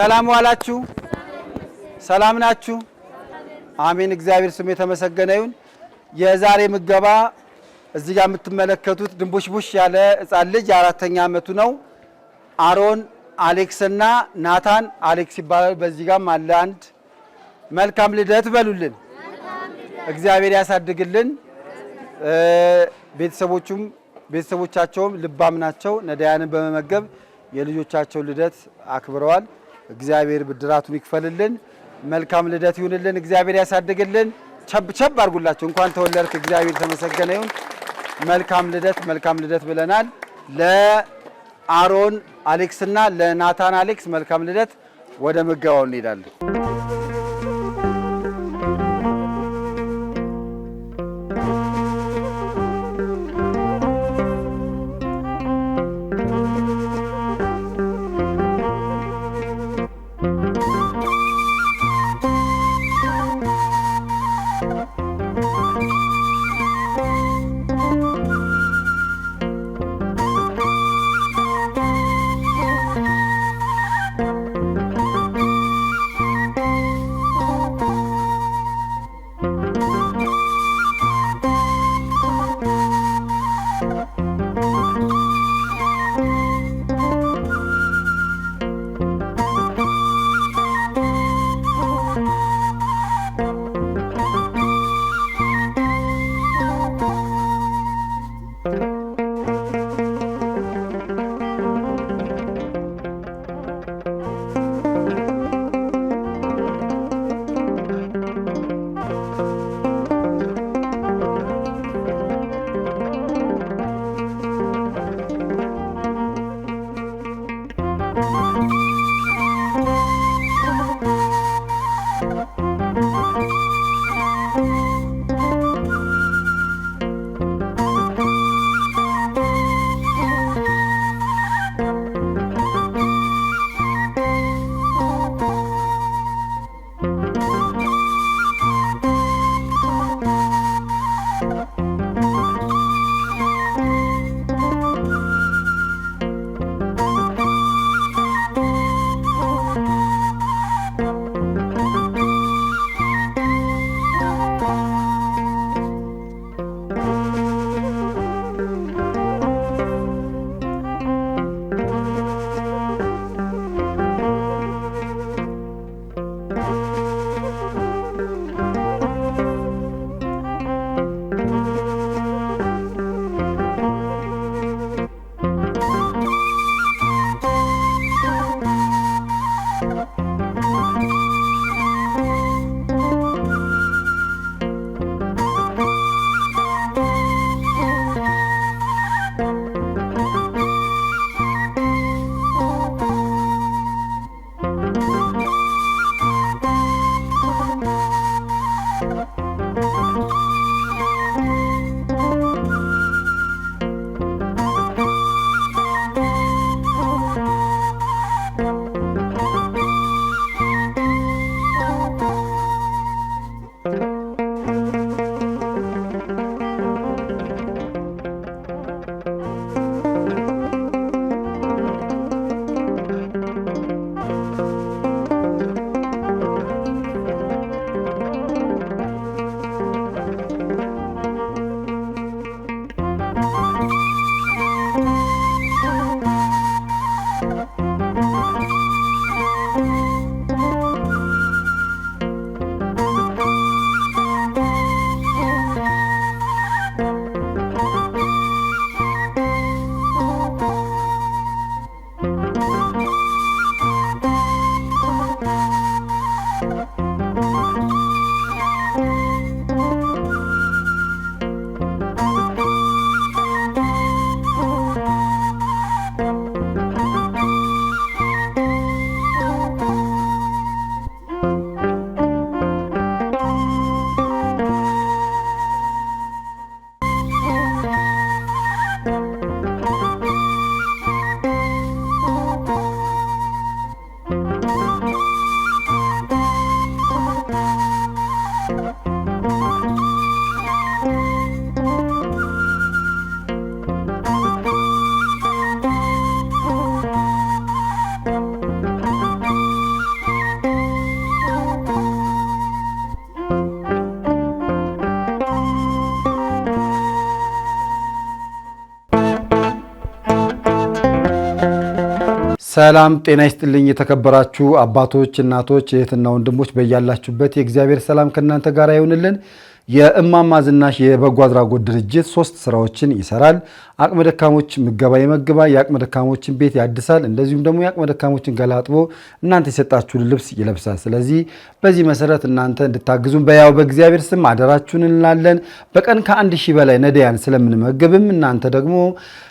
ሰላም ዋላችሁ። ሰላም ናችሁ። አሜን። እግዚአብሔር ስም የተመሰገነ ይሁን። የዛሬ ምገባ እዚህ ጋር የምትመለከቱት ድንቡሽቡሽ ያለ ሕፃን ልጅ አራተኛ አመቱ ነው። አሮን አሌክስ እና ናታን አሌክስ ይባላል። በዚህ ጋርም አለ አንድ። መልካም ልደት በሉልን። እግዚአብሔር ያሳድግልን። ቤተሰቦቹም ቤተሰቦቻቸውም ልባም ናቸው። ነዳያንን በመመገብ የልጆቻቸው ልደት አክብረዋል። እግዚአብሔር ብድራቱን ይክፈልልን። መልካም ልደት ይሁንልን። እግዚአብሔር ያሳድግልን። ቸብ ቸብ አድርጉላቸው እንኳን ተወለድክ። እግዚአብሔር ተመሰገነ ይሁን። መልካም ልደት መልካም ልደት ብለናል። ለአሮን አሌክስና ለናታን አሌክስ መልካም ልደት። ወደ ምገባው እንሄዳለን። ሰላም ጤና ይስጥልኝ። የተከበራችሁ አባቶች፣ እናቶች፣ እህትና ወንድሞች በያላችሁበት የእግዚአብሔር ሰላም ከእናንተ ጋር ይሆንልን። የእማማ ዝናሽ የበጎ አድራጎት ድርጅት ሶስት ስራዎችን ይሰራል። አቅመ ደካሞች ምገባ ይመግባል፣ የአቅመ ደካሞችን ቤት ያድሳል፣ እንደዚሁም ደግሞ የአቅመ ደካሞችን ገላጥቦ እናንተ የሰጣችሁን ልብስ ይለብሳል። ስለዚህ በዚህ መሰረት እናንተ እንድታግዙም በያው በእግዚአብሔር ስም አደራችሁን እንላለን። በቀን ከአንድ ሺህ በላይ ነዳያን ስለምንመገብም እናንተ ደግሞ